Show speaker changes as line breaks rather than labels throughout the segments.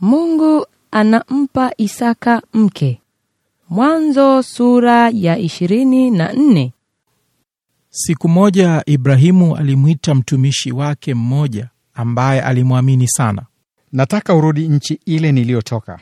Mungu anampa Isaka mke. Mwanzo sura ya ishirini na nne.
Siku moja Ibrahimu alimwita mtumishi wake mmoja ambaye alimwamini sana. Nataka urudi nchi ile niliyotoka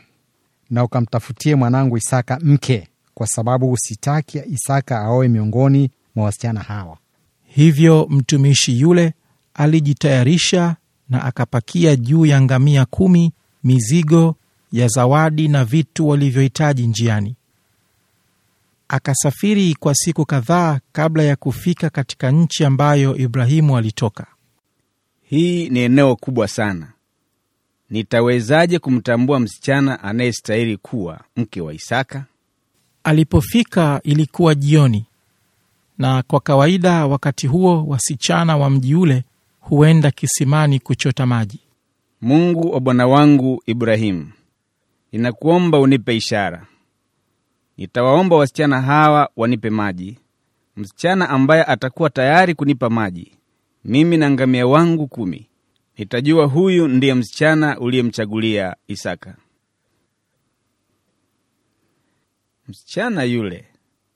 na ukamtafutie mwanangu Isaka mke, kwa sababu usitaki Isaka aoe miongoni mwa wasichana hawa. Hivyo mtumishi yule alijitayarisha na akapakia juu ya ngamia kumi mizigo ya zawadi na vitu walivyohitaji njiani. Akasafiri kwa siku kadhaa kabla ya kufika katika nchi ambayo Ibrahimu alitoka.
Hii ni eneo kubwa sana. Nitawezaje kumtambua msichana anayestahili kuwa mke wa Isaka?
Alipofika ilikuwa jioni, na kwa kawaida wakati huo wasichana wa mji ule huenda kisimani kuchota maji.
Mungu wa bwana wangu Ibrahimu, ninakuomba unipe ishara. Nitawaomba wasichana hawa wanipe maji. Msichana ambaye atakuwa tayari kunipa maji, mimi na ngamia wangu kumi, nitajua huyu ndiye msichana uliyemchagulia Isaka. Msichana yule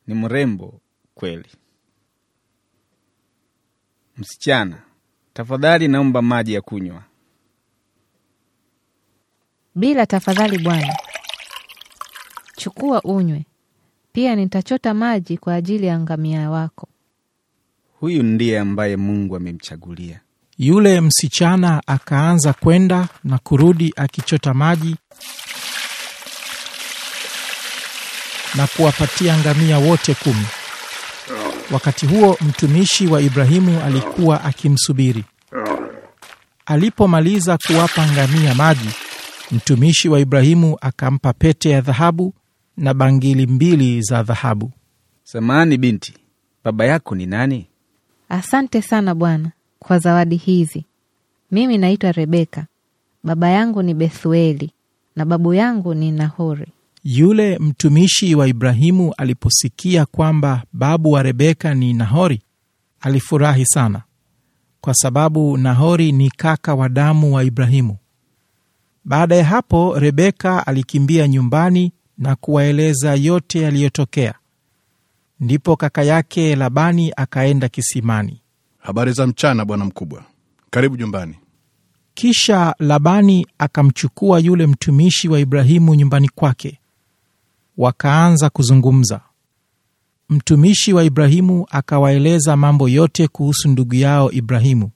ni mrembo kweli. Msichana, tafadhali naomba maji ya kunywa.
Bila tafadhali bwana, chukua unywe. Pia nitachota maji kwa ajili ya ngamia wako.
Huyu ndiye ambaye Mungu amemchagulia.
Yule msichana akaanza kwenda na kurudi akichota maji na kuwapatia ngamia wote kumi. Wakati huo mtumishi wa Ibrahimu alikuwa akimsubiri. Alipomaliza kuwapa ngamia maji Mtumishi wa Ibrahimu akampa pete ya dhahabu na bangili mbili za dhahabu.
Samani binti, baba yako ni nani?
Asante sana bwana kwa zawadi hizi. Mimi naitwa Rebeka, baba yangu ni Bethueli na babu yangu ni Nahori.
Yule mtumishi wa Ibrahimu aliposikia kwamba babu wa Rebeka ni Nahori, alifurahi sana, kwa sababu Nahori ni kaka wa damu wa Ibrahimu. Baada ya hapo, Rebeka alikimbia nyumbani na kuwaeleza yote yaliyotokea. Ndipo kaka yake Labani akaenda kisimani. Habari za mchana, bwana mkubwa, karibu nyumbani. Kisha Labani akamchukua yule mtumishi wa Ibrahimu nyumbani kwake, wakaanza kuzungumza. Mtumishi wa Ibrahimu akawaeleza mambo yote kuhusu ndugu yao Ibrahimu,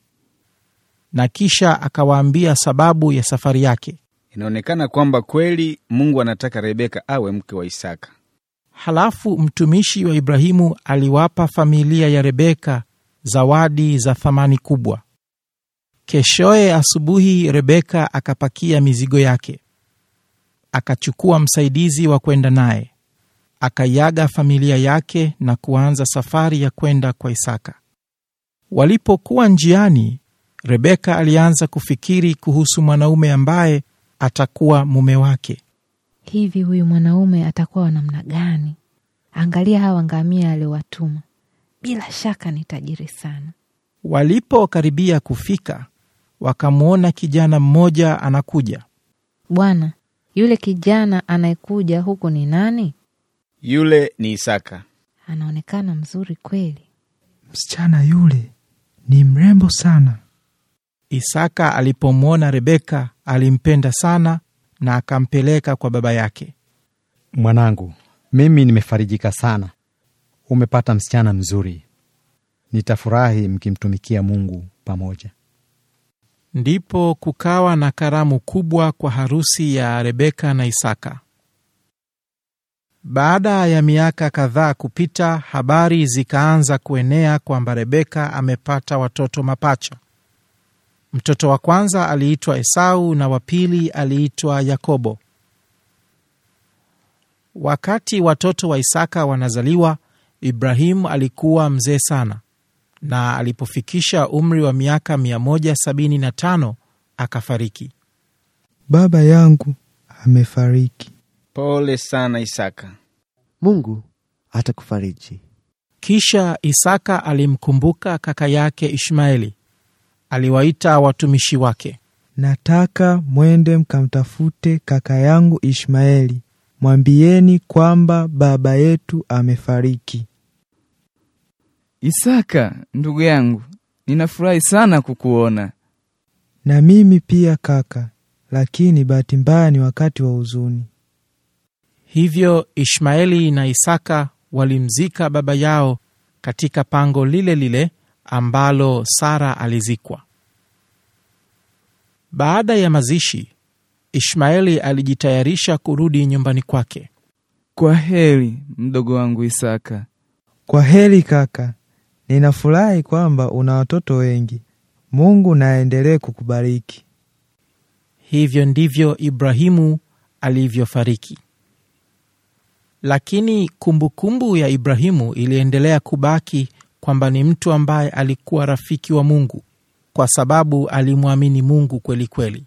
na kisha akawaambia sababu ya safari yake.
Inaonekana kwamba kweli Mungu anataka Rebeka awe mke wa Isaka.
Halafu mtumishi wa Ibrahimu aliwapa familia ya Rebeka zawadi za thamani kubwa. Keshoye asubuhi, Rebeka akapakia mizigo yake, akachukua msaidizi wa kwenda naye, akaiaga familia yake na kuanza safari ya kwenda kwa Isaka. Walipokuwa njiani, Rebeka alianza kufikiri kuhusu mwanaume ambaye atakuwa mume wake.
Hivi huyu mwanaume atakuwa wa namna gani? Angalia hawa ngamia aliowatuma, bila shaka ni tajiri sana.
Walipokaribia kufika, wakamwona kijana mmoja anakuja.
Bwana, yule kijana anayekuja huku ni nani?
Yule ni
Isaka.
Anaonekana mzuri kweli. Msichana yule
ni mrembo sana. Isaka alipomwona Rebeka alimpenda sana na akampeleka kwa baba yake. Mwanangu, mimi nimefarijika sana, umepata msichana mzuri. Nitafurahi mkimtumikia Mungu pamoja. Ndipo kukawa na karamu kubwa kwa harusi ya Rebeka na Isaka. Baada ya miaka kadhaa kupita, habari zikaanza kuenea kwamba Rebeka amepata watoto mapacha. Mtoto wa kwanza aliitwa Esau na wa pili aliitwa Yakobo. Wakati watoto wa Isaka wanazaliwa, Ibrahimu alikuwa mzee sana, na alipofikisha umri wa miaka 175 akafariki. Baba yangu amefariki. Pole sana Isaka. Mungu atakufariji. Kisha Isaka alimkumbuka kaka yake Ishmaeli aliwaita watumishi wake, nataka mwende mkamtafute kaka yangu Ishmaeli, mwambieni kwamba baba yetu amefariki.
Isaka ndugu yangu,
ninafurahi sana kukuona. Na mimi pia kaka, lakini bahati mbaya ni wakati wa huzuni. Hivyo Ishmaeli na Isaka walimzika baba yao katika pango lile lile ambalo Sara alizikwa. Baada ya mazishi, Ishmaeli alijitayarisha kurudi nyumbani kwake. Kwa heri mdogo wangu Isaka. Kwa heri kaka, ninafurahi kwamba una watoto wengi. Mungu naendelee kukubariki. Hivyo ndivyo Ibrahimu alivyofariki. Lakini kumbukumbu kumbu ya Ibrahimu iliendelea kubaki kwamba ni mtu ambaye alikuwa rafiki wa Mungu kwa sababu alimwamini Mungu kweli kweli.